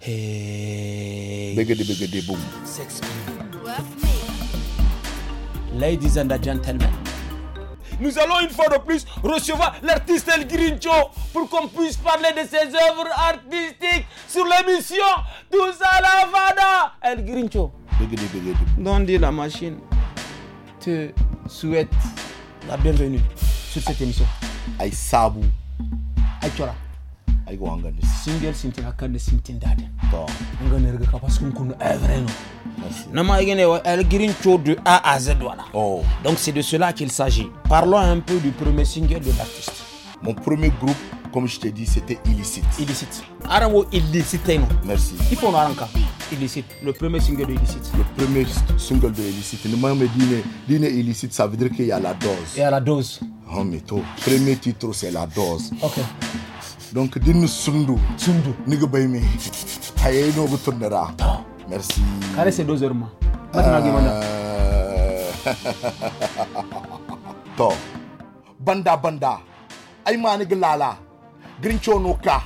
Hey. Ladies and gentlemen. Nous allons une fois de plus recevoir l'artiste El Grincho pour qu'on puisse parler de ses œuvres artistiques sur l'émission Tous à la El Grincho. de la machine te souhaite la bienvenue sur cette émission. Aïe Sabou. Aïe ay go hangan single sinti hakkan sinti dade on va regarder kapas kun kun evreno nama igene wa el girin de A à Z voilà oh donc c'est de cela qu'il s'agit parlons un peu du premier single de l'artiste mon premier groupe comme je t'ai dit c'était illicite illicite arawo illicite non merci il faut aranka illicite le premier single de illicite le premier single de illicite ne m'a dit dîner illicite ça veut dire qu'il y a la dose il y a la dose oh mais premier titre c'est la dose ok donc dinnu sundu sundu niga bay mi hayay no merci Allez, c'est 2 heures ma matna gi mana banda banda ay mani lala grincho no ka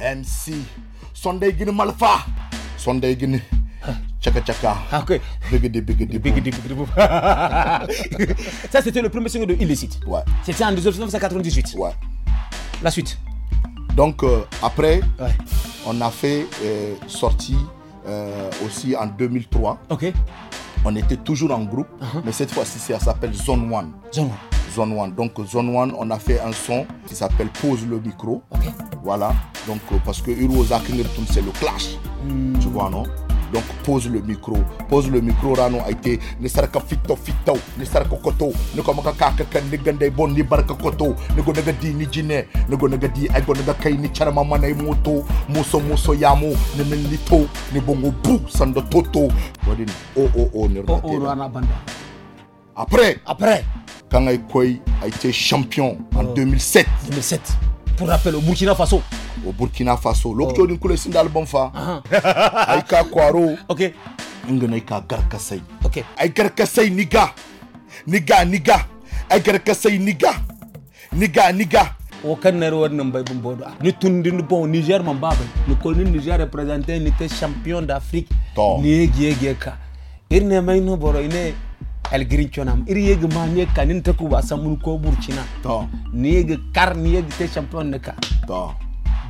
mc sunday malfa sunday gini Chaka. chaka. Ah, ok. Bigidi bigidi bigidi bigidi. Ça c'était le premier single de Illicit? Ouais. C'était en 1998. Ouais. La suite. Donc euh, après, on a fait euh, sortie euh, aussi en 2003. Ok. On était toujours en groupe, uh-huh. mais cette fois-ci, ça s'appelle Zone One. Zone One. Zone One. Donc Zone One, on a fait un son qui s'appelle Pose le micro. Voilà. Donc parce que Uruza Zakinertum, c'est le clash. Hmm. Tu vois, non donc pose le micro. Pose le micro rano été ne saraka fito fito ne saraka koto ne ko kaka ne ni barka koto ne go ni jine ne go ay go kay ni charma moto muso muso yamu ne lito ne bongo bu sando toto Oh oh oh oh ne o oh, o oh, rana banda après après quand ay a été champion en 2007 2007 pour rappel au Burkina Faso au Burkina Faso lokacin oh. kula sun da album fa uh -huh. ai ka kwaro okay ingana ka garkasai okay ai niga niga niga ai garkasai niga niga niga o kan nari wannan bai bin bodo ni tundi ni bon Niger man ba bai ni ko ni Niger représenter ni te champion d'Afrique ni yegi yegi ka irne mai no boro ine elgrinchonam iri yegi ma ne ka nin taku ba samun ko burkina to ni yegi kar ni yegi te champion ne ka to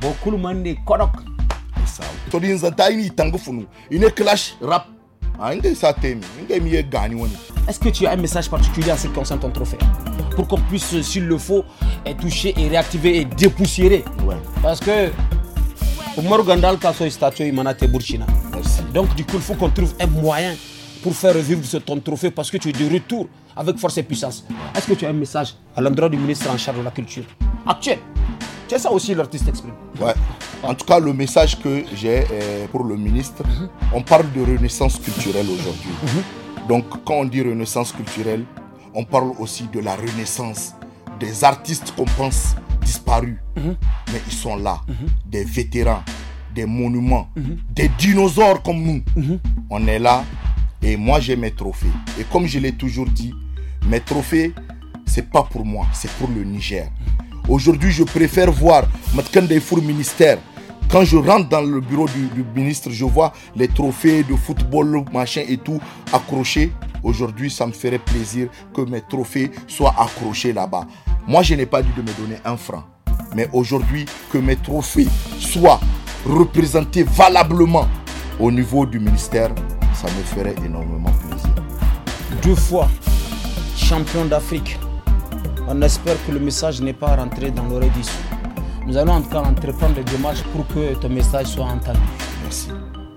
bo man ne kodok saw to din za tayni tangu funu ine clash rap ah inge sa temi inge mi ye gani woni est-ce que tu as un message particulier à ce qui ton trophée pour qu'on puisse s'il le faut toucher et réactiver et dépoussiérer ouais. parce que Omar Gandal Kasso est statue Burchina. Burkina donc du coup il faut qu'on trouve un moyen pour faire revivre ce, ton trophée parce que tu es de retour avec force et puissance. Est-ce que tu as un message à l'endroit du ministre en charge de la culture actuel as ça aussi l'artiste exprime. Ouais. En tout cas, le message que j'ai euh, pour le ministre, mhm. on parle de renaissance culturelle aujourd'hui. Mhm. Mhm. Donc, quand on dit renaissance culturelle, on parle aussi de la renaissance des artistes qu'on pense disparus, mais ils sont là, des vétérans, des monuments, des dinosaures comme nous. On est là et moi, j'ai mes trophées. Et comme je l'ai toujours dit, mes trophées, c'est pas pour moi, c'est pour le Niger. Aujourd'hui, je préfère voir des Four Ministère. Quand je rentre dans le bureau du, ministre, je vois les trophées de football, machin et tout accrochés. Aujourd'hui, ça me ferait plaisir que mes trophées soient accrochés là-bas. Moi, je n'ai pas dû de me donner un franc. Mais aujourd'hui, que mes trophées soient représentés valablement au niveau du ministère, ça me ferait énormément plaisir. Deux fois champion d'Afrique. On espère que le message n'est pas rentré dans l'oreille du Nous allons encore entreprendre des démarches pour que ton message soit entendu. Merci.